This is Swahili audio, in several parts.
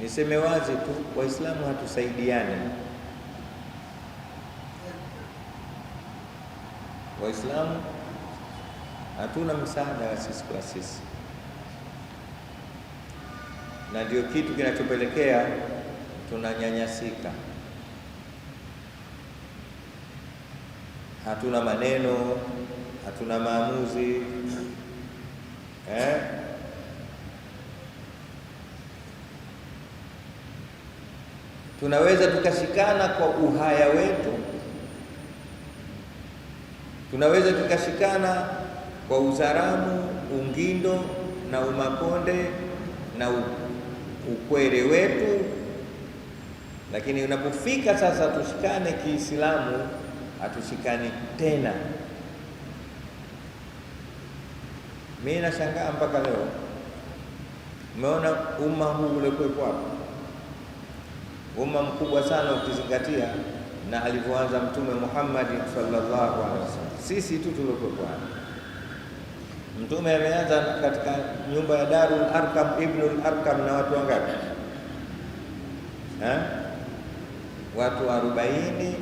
Niseme wazi tu, Waislamu hatusaidiani. Waislamu hatuna msaada wa sisi kwa sisi, na ndio kitu kinachopelekea tunanyanyasika. Hatuna maneno, hatuna maamuzi eh? tunaweza tukashikana kwa uhaya wetu, tunaweza tukashikana kwa uzaramu, ungindo na umakonde na ukwere wetu, lakini unapofika sasa tushikane Kiislamu, hatushikani tena. Mimi nashangaa mpaka leo, umeona umma huu uliokuwepo hapa umma mkubwa sana ukizingatia na alivyoanza Mtume Muhammad sallallahu alaihi wasallam. Sisi tu tuliokuwepo Mtume ameanza katika nyumba ya Darul Arkam, Ibnul Arkam na watu wangapi? watu arobaini,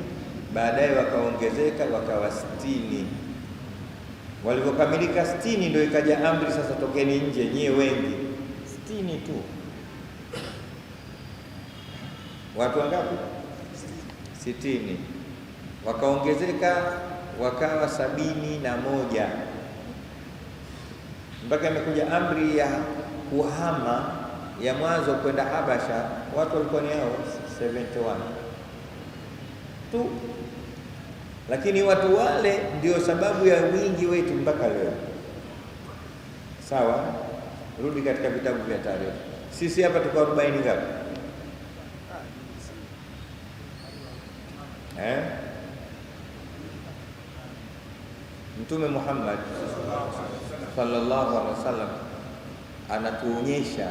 baadaye wakaongezeka wakawa sitini. Walivyokamilika sitini, ndio ikaja amri sasa, tokeni nje nyie wengi. Sitini tu watu wangapi? Sitini. Wakaongezeka wakawa sabini na moja mpaka imekuja amri ya kuhama ya mwanzo kwenda Habasha. Watu walikuwa ni hao 71 tu, lakini watu wale ndio sababu ya wingi wetu mpaka leo. Sawa, rudi katika vitabu vya tarehe. Sisi hapa tuko 40 ngapi? eh? Mtume Muhammad sallallahu alaihi wasallam anatuonyesha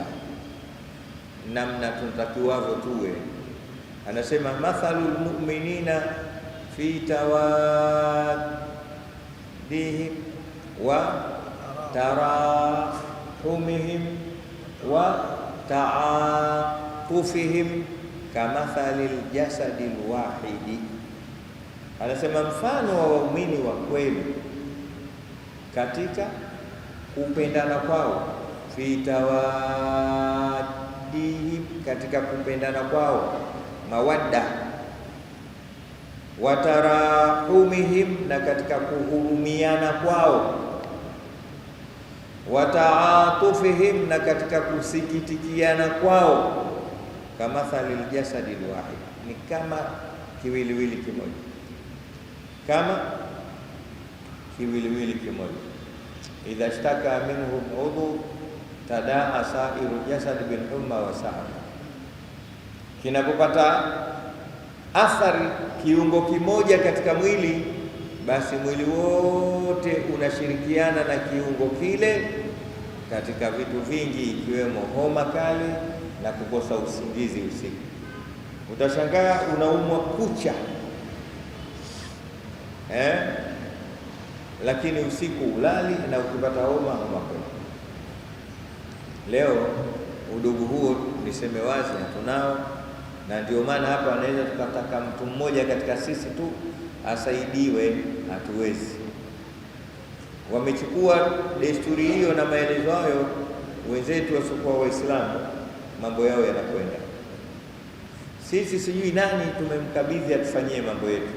namna tunatakiwavyo tuwe. Anasema mathalul mu'minina fi tawaddihim wa tarahumihim wa ta'atufihim kamathalil jasadil wahidi Anasema mfano wa waumini wa kweli katika kupendana kwao, fitawadihim, katika kupendana kwao, mawadda watarahumihim, na katika kuhurumiana kwao, wataatufihim, na katika kusikitikiana kwao, kamathali ljasadi lwahid, ni kama kiwiliwili kimoja kama kiwiliwili kimoja. idha shtaka minhum udhu tadaa sairu jasad bil humma wa sa'a, kinapopata athari kiungo kimoja katika mwili, basi mwili wote unashirikiana na kiungo kile katika vitu vingi, ikiwemo homa kali na kukosa usingizi usiku. Utashangaa unaumwa kucha eh? Lakini usiku ulali na ukipata homa mapema. Leo udugu huo niseme wazi tunao, na ndio maana hapa anaweza tukataka mtu mmoja katika sisi tu asaidiwe, hatuwezi. Wamechukua desturi hiyo na maelezo hayo wenzetu wasiokuwa Waislamu, mambo yao yanakwenda. Sisi sijui nani tumemkabidhi atufanyie mambo yetu.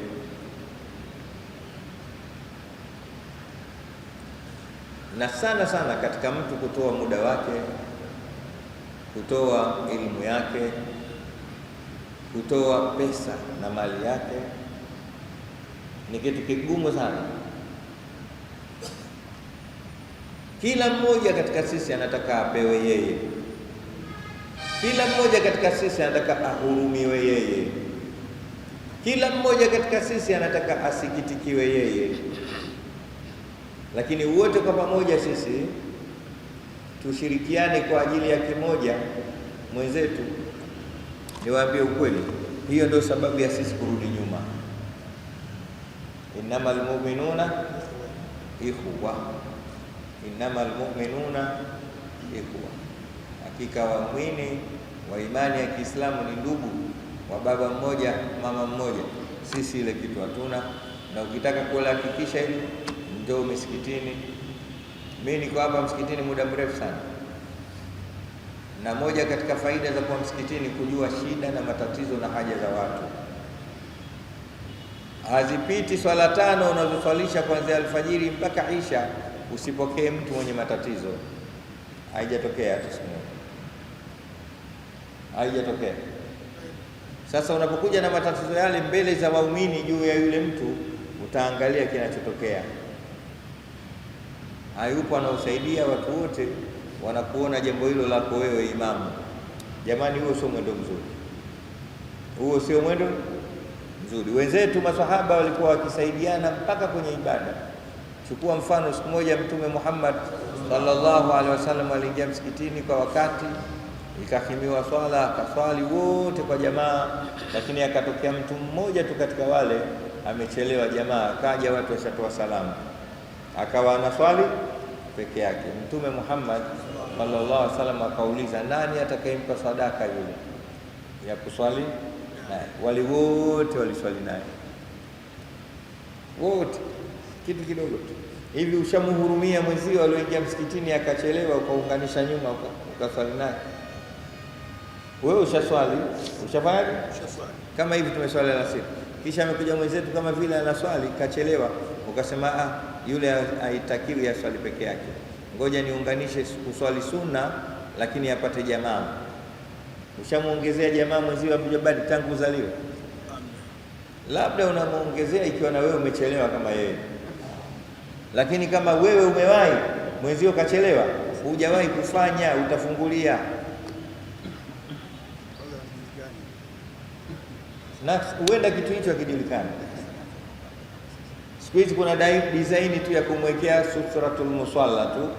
na sana sana katika mtu kutoa muda wake, kutoa elimu yake, kutoa pesa na mali yake ni kitu kigumu sana. Kila mmoja katika sisi anataka apewe yeye, kila mmoja katika sisi anataka ahurumiwe yeye, kila mmoja katika sisi anataka asikitikiwe yeye lakini wote kwa pamoja sisi tushirikiane kwa ajili ya kimoja mwenzetu. Niwaambie ukweli, hiyo ndio sababu ya sisi kurudi nyuma. Innamal mu'minuna ikhwa, innamal mu'minuna ikhwa, hakika waumini wa imani ya Kiislamu ni ndugu wa baba mmoja mama mmoja. Sisi ile kitu hatuna, na ukitaka kuhakikisha hili njoo misikitini. Mimi niko hapa msikitini muda mrefu sana, na moja katika faida za kuwa msikitini kujua shida na matatizo na haja za watu. Hazipiti swala tano unazoswalisha kuanzia alfajiri mpaka isha, usipokee mtu mwenye matatizo. Haijatokea hata haijatokea. Sasa unapokuja na matatizo yale mbele za waumini juu ya yule mtu, utaangalia kinachotokea hayupo anaosaidia, watu wote wanakuona jambo hilo lako wewe imamu. Jamani, huo sio mwendo mzuri, huo sio mwendo mzuri. Wenzetu maswahaba walikuwa wakisaidiana mpaka kwenye ibada. Chukua mfano, siku moja Mtume Muhammad sallallahu alaihi wasallam aliingia msikitini kwa wakati, ikahimiwa swala, akaswali wote kwa jamaa, lakini akatokea mtu mmoja tu katika wale amechelewa jamaa, akaja watu washatoa salamu, akawa anaswali peke yake. Mtume Muhammad sallallahu alaihi wasallam akauliza, nani atakayempa sadaka yule ya kuswali naye? Wale wote waliswali naye wote, kitu kidogo tu hivi. Ushamhurumia mwenzio alioingia msikitini akachelewa, ukaunganisha nyuma ukaswali naye. Wewe ushaswali, ushafanya ushaswali, kama hivi tumeswali alasiri, kisha amekuja mwenzetu kama vile anaswali kachelewa, ukasema ah yule aitakiwi aswali peke yake, ngoja niunganishe kuswali sunna, lakini apate jamaa. Ushamwongezea jamaa mwenzio Abu Jabari tangu uzaliwe, labda unamwongezea ikiwa na wewe umechelewa kama yeye, lakini kama wewe umewahi mwenzio kachelewa, hujawahi kufanya, utafungulia na huenda kitu hicho hakijulikani. Siku hizi kuna design tu ya kumwekea suratul musalla tu,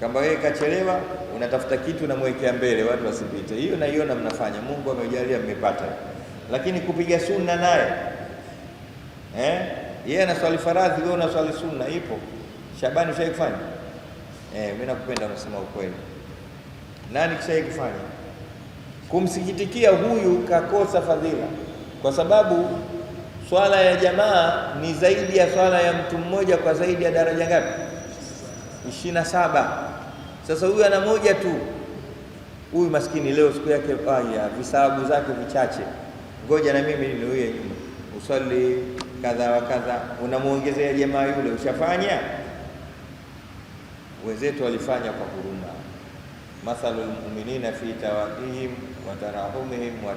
kama wewe kachelewa, unatafuta kitu unamwekea mbele watu wasipite. Hiyo naiona mnafanya, Mungu amejalia mmepata, lakini kupiga sunna naye eh, yeye anaswali faradhi, wewe unaswali sunna. Ipo Shabani, ushawahi kufanya? Eh, mimi nakupenda, unasema ukweli. Nani kishawahi kufanya? Kumsikitikia huyu kakosa fadhila, kwa sababu swala ya jamaa ni zaidi ya swala ya mtu mmoja kwa zaidi ya daraja ngapi? ishirini na saba. Sasa huyu ana moja tu, huyu maskini leo siku yake ya visababu zake vichache, ngoja na mimi ninuie nyuma, uswali kadha wa kadha, unamwongezea jamaa yule. Ushafanya wenzetu walifanya kwa huruma, mathalul mu'minina fi tawadihim wa tarahumihim wa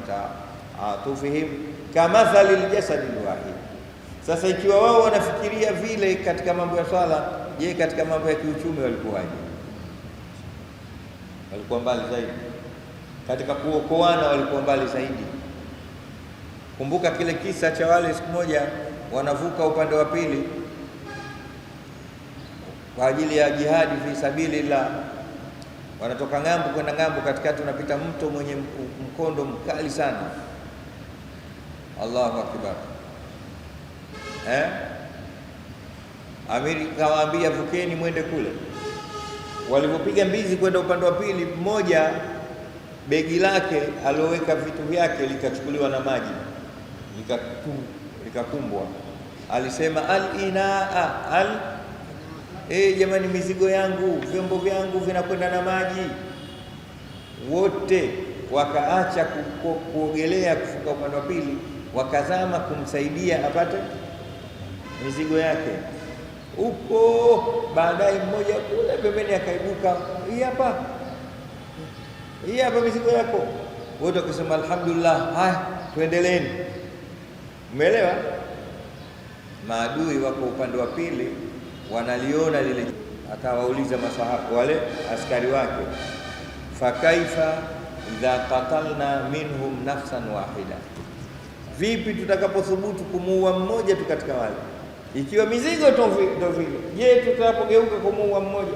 atufihimu ah, kamathali ljasadi lwahid. Sasa ikiwa wao wanafikiria vile katika mambo ya swala, je, katika mambo ya kiuchumi walikuwaje? Walikuwa mbali zaidi, katika kuokoana walikuwa mbali zaidi. Kumbuka kile kisa cha wale siku moja wanavuka upande wa pili kwa ajili ya jihadi fi sabili la wanatoka ng'ambo kwenda ng'ambo, katikati unapita mto mwenye mkondo mkali sana Allahu akbar eh? Amiri kawaambia vukeni mwende kule. Walipopiga mbizi kwenda upande wa pili, mmoja begi lake alioweka vitu vyake likachukuliwa na maji likakumbwa. Alisema alinaa al e, jamani, mizigo yangu vyombo vyangu vinakwenda na maji. Wote wakaacha kuogelea kufuka upande wa pili wakazama kumsaidia apate mizigo yake huko. Baadaye mmoja kule pembeni akaibuka, hii hapa, hii hapa mizigo yako. Wote wakasema alhamdulillah, haya tuendeleeni. Umeelewa? Maadui wako upande wa pili, wanaliona lile. Akawauliza masahabu wale askari wake, fakaifa idha qatalna minhum nafsan wahida Vipi tutakapothubutu kumuua mmoja tu katika wale, ikiwa mizigo ndio vile? Je, tutapogeuka kumuua mmoja?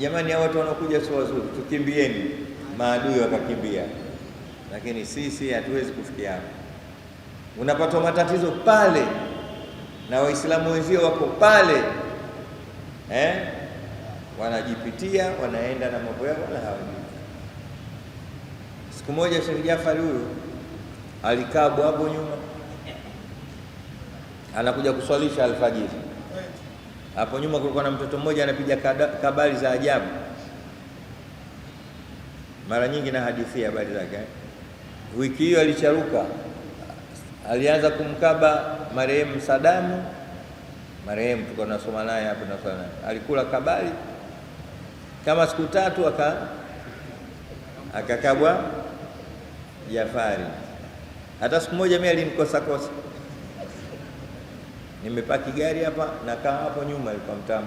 Jamani, hao watu wanaokuja sio wazuri, tukimbieni. Maadui wakakimbia, lakini sisi hatuwezi kufikia hapo. Unapatwa matatizo pale na Waislamu wenzio wako pale eh? Wanajipitia, wanaenda na mambo yao wala hawajui. Siku moja Sheikh Jafari huyo alikabwa hapo nyuma, anakuja kuswalisha alfajiri. Hapo nyuma kulikuwa na mtoto mmoja anapiga kabari za ajabu, mara nyingi na hadithi habari zake. Wiki hiyo alicharuka, alianza kumkaba marehemu Sadamu, marehemu tuko tunasoma naye hapo, alikula kabali kama siku tatu, akakabwa Jafari. Hata siku moja mimi alinikosa kosa, nimepaki gari hapa, nakaa hapo nyuma, ilikuwa mtaa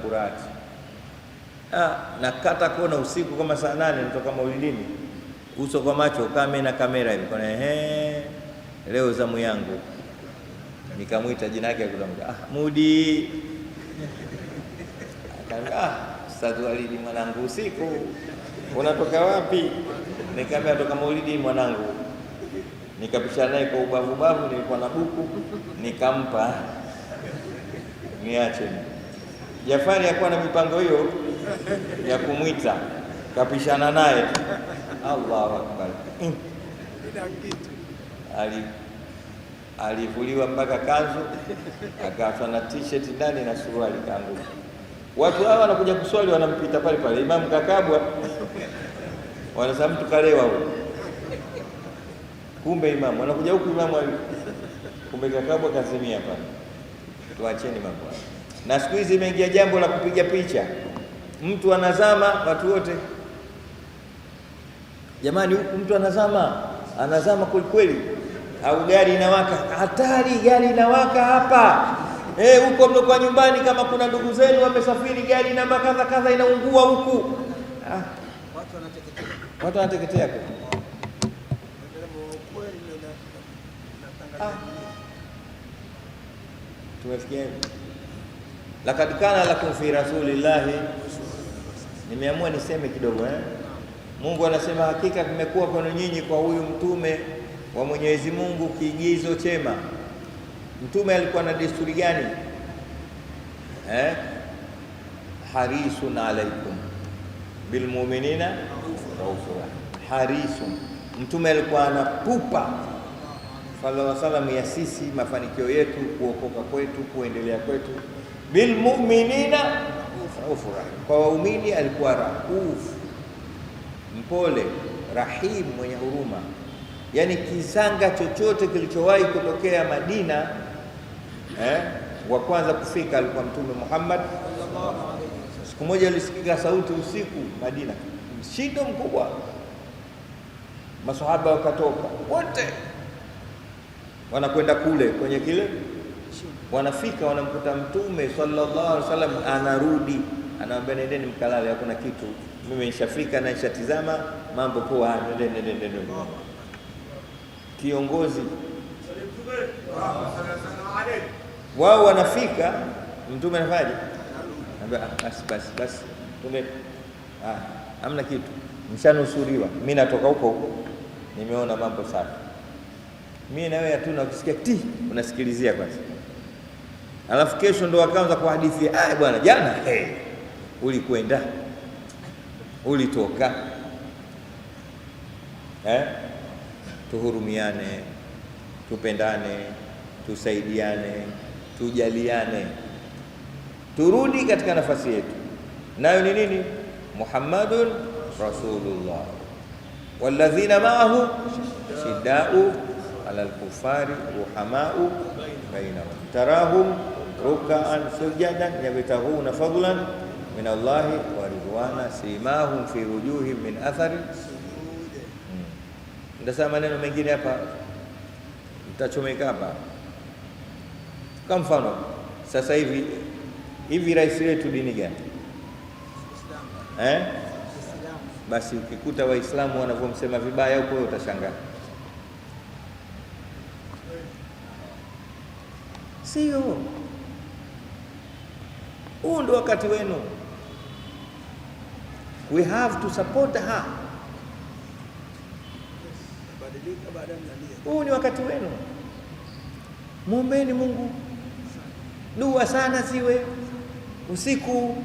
Ah, nakata kona usiku kama saa nane, natoka maulidini, uso kwa macho, kame na kamera hivi, kona ehe, leo zamu yangu. Nikamwita jina yake, ah, Mudi ah, Walidi mwanangu, usiku unatoka wapi? Nikamwambia toka maulidi mwanangu nikapishana naye kwa ubavu bavu, nilikuwa na buku nikampa, niache. Jafari hakuwa na mipango hiyo ya kumwita, kapishana naye. Allahu akbar! Ali alivuliwa mpaka kanzu, akaachwa na t-shirt ndani na suruali, kaanguka. Watu hawa wanakuja kuswali, wanampita pale pale Imamu Kakabwa, wanasema mtu kalewa huyo Kumbe imamu anakuja huku, imamu kumbe kakabwa kazimia hapa. Tuacheni mambo haya, na siku hizi imeingia jambo la kupiga picha, mtu anazama, watu wote jamani, huku mtu anazama, anazama kwelikweli, au gari inawaka, hatari, gari inawaka hapa eh, huko hey, mnakuwa nyumbani, kama kuna ndugu zenu wamesafiri, gari namba kadha kadha inaungua huku, ah, watu wanateketea, watu wanateketea ah, tumefikia hivi. Lakad kana lakum fi rasulillahi, nimeamua niseme kidogo eh? Mungu anasema hakika kumekuwa kwenu nyinyi kwa huyu mtume wa Mwenyezi Mungu kiigizo chema. Mtume alikuwa na desturi gani eh? harisun alaikum bilmuminina raufu harisun, mtume alikuwa anapupa sallallahu alaihi wasallam ya sisi mafanikio yetu, kuokoka kwetu, kuendelea kwetu. Bilmuminina raufu rahim, kwa waumini alikuwa raufu, mpole, rahim, mwenye huruma. Yaani kisanga chochote kilichowahi kutokea Madina eh, wa kwanza kufika alikuwa Mtume Muhammad. Siku moja alisikika sauti usiku Madina, mshindo mkubwa, masahaba wakatoka wote wanakwenda kule kwenye kile, wanafika wanamkuta Mtume sallallahu alaihi wasallam anarudi, anawaambia nendeni mkalale, hakuna kitu, mimi nishafika na nishatizama mambo poa, nende nende nende. Kiongozi wao wanafika, Mtume anafaje? Ah, basi basi basi, ah, hamna kitu, mshanusuriwa. Mimi natoka huko huko, nimeona mambo safi mimi na wewe hatuna, ukisikia ti unasikilizia kwanza, alafu kesho ndo wakaanza kuhadithia, ah bwana, jana hey, ulikwenda ulitoka eh? Tuhurumiane, tupendane, tusaidiane, tujaliane, turudi katika nafasi yetu. Nayo ni nini? Muhammadun Rasulullah walladhina maahu shiddau ala lkufari ruhamau bainahum tarahum rukaan sujadan yabtaghuna fadlan min Allahi wa ridwana simahum fi wujuhi min athari ndasa. Maneno mengine hapa mtachomeka hapa. Kwa mfano sasa hivi hivi, rais wetu dini gani eh? Basi ukikuta Waislamu wanavyomsema vibaya huko, utashangaa Sio huu ndio wakati wenu, we have to support her. Huu ni wakati wenu, muombeni Mungu, dua sana siwe usiku.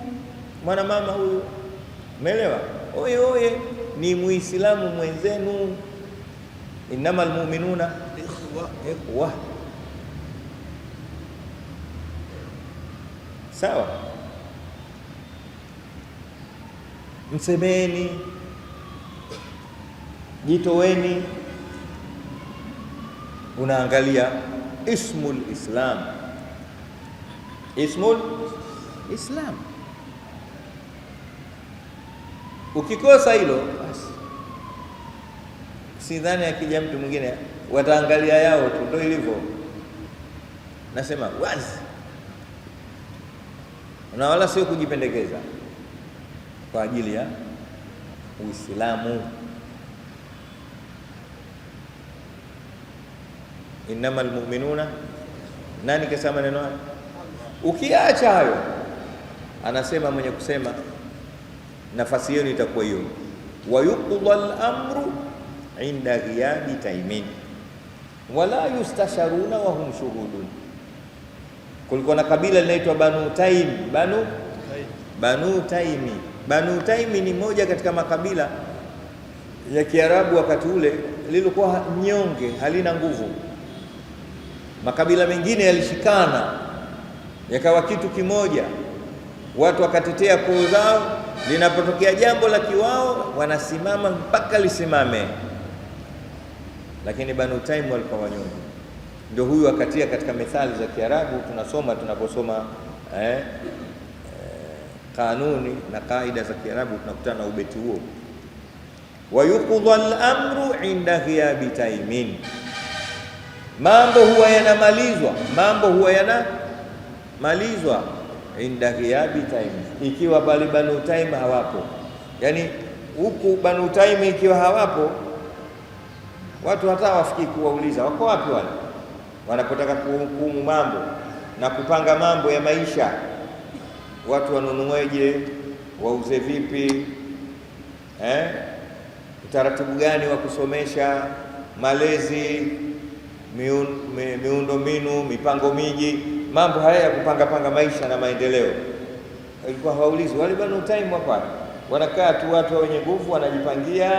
Mwanamama huyu umeelewa, oye oye, ni muislamu mwenzenu, innamal mu'minuna ikhwa Sawa, msemeni, jitoweni. Unaangalia ismul Islam, ismul Islam. Ukikosa hilo basi, sidhani akija mtu mwingine wataangalia yao tu, ndio ilivyo. Nasema wazi na wala sio kujipendekeza kwa ajili ya Uislamu. inama almuminuna nani kasema maneno hayo? Ukiacha hayo, anasema mwenye kusema nafasi yenu itakuwa hiyo, wayuqda al-amru inda ghiyabi taimin wala yustasharuna wa hum shuhudun Kulikuwa na kabila linaitwa Banu Taim, Banu Banu Taimi. Banu Taimi ni moja katika makabila ya Kiarabu wakati ule, lilikuwa nyonge, halina nguvu. Makabila mengine yalishikana yakawa kitu kimoja, watu wakatetea koo zao. Linapotokea jambo la kiwao, wanasimama mpaka lisimame, lakini Banu Taim walikuwa wanyonge ndio huyu akatia katika methali za Kiarabu tunasoma tunaposoma eh, eh, kanuni na kaida za Kiarabu tunakutana na ubeti huo yuqdha al-amru inda ghiabi taimin, mambo huwa yanamalizwa, mambo huwa yanamalizwa inda ghiabi taim ikiwa bali Banu Taim hawapo. Yani huku Banu Taim ikiwa hawapo, watu hata wafikii kuwauliza wako wapi wale wanapotaka kuhukumu mambo na kupanga mambo ya maisha, watu wanunueje, wauze vipi, eh? utaratibu gani wa kusomesha, malezi, miundombinu, mipango miji, mambo haya ya kupanga panga maisha na maendeleo, walikuwa hawaulizi. Wale bwana time hapa wanakaa tu watu wenye nguvu wanajipangia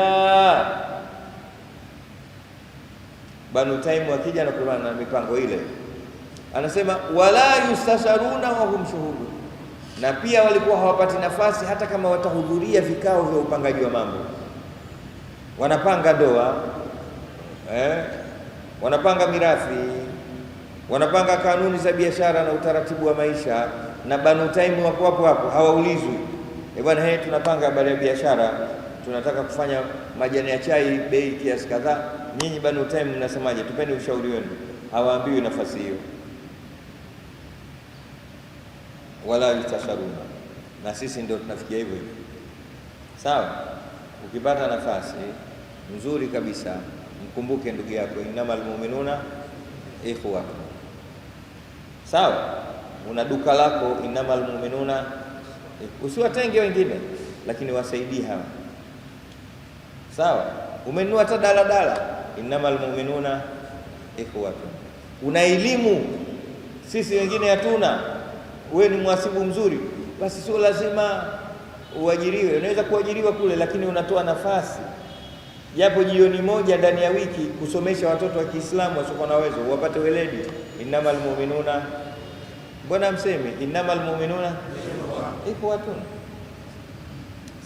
Banu Taimu akija na Qur'an na mipango ile, anasema wala yustasharuna wa hum shuhudu, na pia walikuwa hawapati nafasi hata kama watahudhuria vikao vya upangaji wa mambo. Wanapanga ndoa eh, wanapanga mirathi, wanapanga kanuni za biashara na utaratibu wa maisha, na Banu Taimu wako hapo hapo, hawaulizwi e bwana hey, tunapanga habari ya biashara, tunataka kufanya majani ya chai bei kiasi kadhaa nyinyi Banu Taim mnasemaje? Tupeni ushauri wenu. Hawaambiwi nafasi hiyo, wala yustasharuna, na sisi ndio tunafikia hivyo hivyo. Sawa, ukipata nafasi nzuri kabisa, mkumbuke ndugu yako, innamal mu'minuna ikhwa. Sawa, una duka lako, innamal mu'minuna, usiwatenge wengine, lakini wasaidie hawa. Sawa, umenunua hata daladala innamal mu'minuna ikhwatun. Una elimu, sisi wengine hatuna. Wewe ni mhasibu mzuri, basi sio lazima uajiriwe. Unaweza kuajiriwa kule, lakini unatoa nafasi japo jioni moja ndani ya wiki kusomesha watoto wa Kiislamu wasiokuwa na uwezo wapate weledi. Innamal mu'minuna, mbona mseme innamal mu'minuna ikhwatun?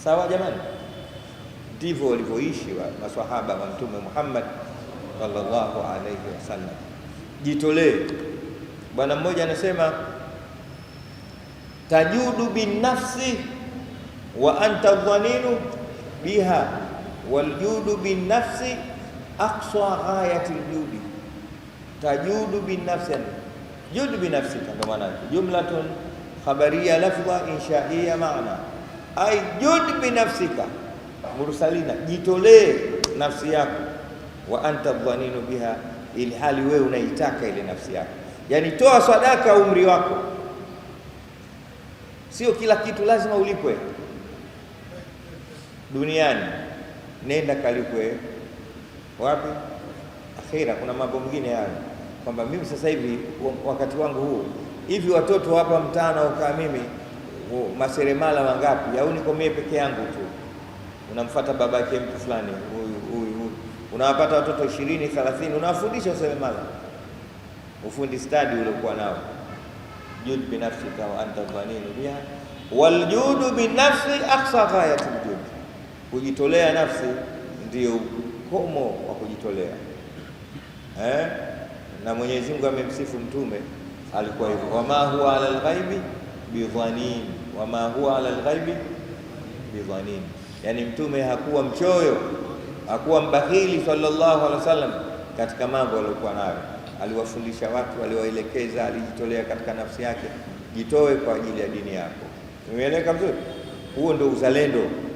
Sawa jamani ndivyo walivyoishi wa maswahaba wa Mtume Muhammad sallallahu alaihi wasallam. Jitolee. Bwana mmoja anasema tajudu binafsi wa anta dhaninu biha waljudu binafsi aqsa ghayati ljudi, tajudu binafsi. Judu binafsi kwa maana jumlatun khabaria lafdha inshaia maana ay jud binafsika mursalina, jitolee nafsi yako, wa anta dhaninu biha, ili hali wewe unaitaka ile nafsi yako. Yani toa sadaka umri wako, sio kila kitu lazima ulipwe duniani. Nenda kalipwe wapi? Akhira. Kuna mambo mengine hayo, kwamba mimi sasa hivi wakati wangu huu hivi, watoto hapa mtaa naokaa mimi oh, maseremala wangapi? Au niko mie peke yangu tu unamfuata babake mtu fulani huyu huyu huyu, unawapata watoto 20 30, unawafundisha useremala, ufundi stadi uliokuwa nao. Jud binafsika wa anta dhaninu biha wal judu binafsi aqsa ghayatul jud, kujitolea nafsi ndio ukomo wa kujitolea eh? Na Mwenyezi Mungu amemsifu mtume alikuwa hivyo, wama huwa ala alghaibi bidhanin, wama huwa ala alghaibi bidhanin. Yani Mtume hakuwa mchoyo, hakuwa mbahili sallallahu alaihi wasallam katika mambo aliyokuwa nayo. Aliwafundisha watu, aliwaelekeza, alijitolea katika nafsi yake. Jitoe kwa ajili ya dini yako. Tumeeleka vizuri, huo ndio uzalendo.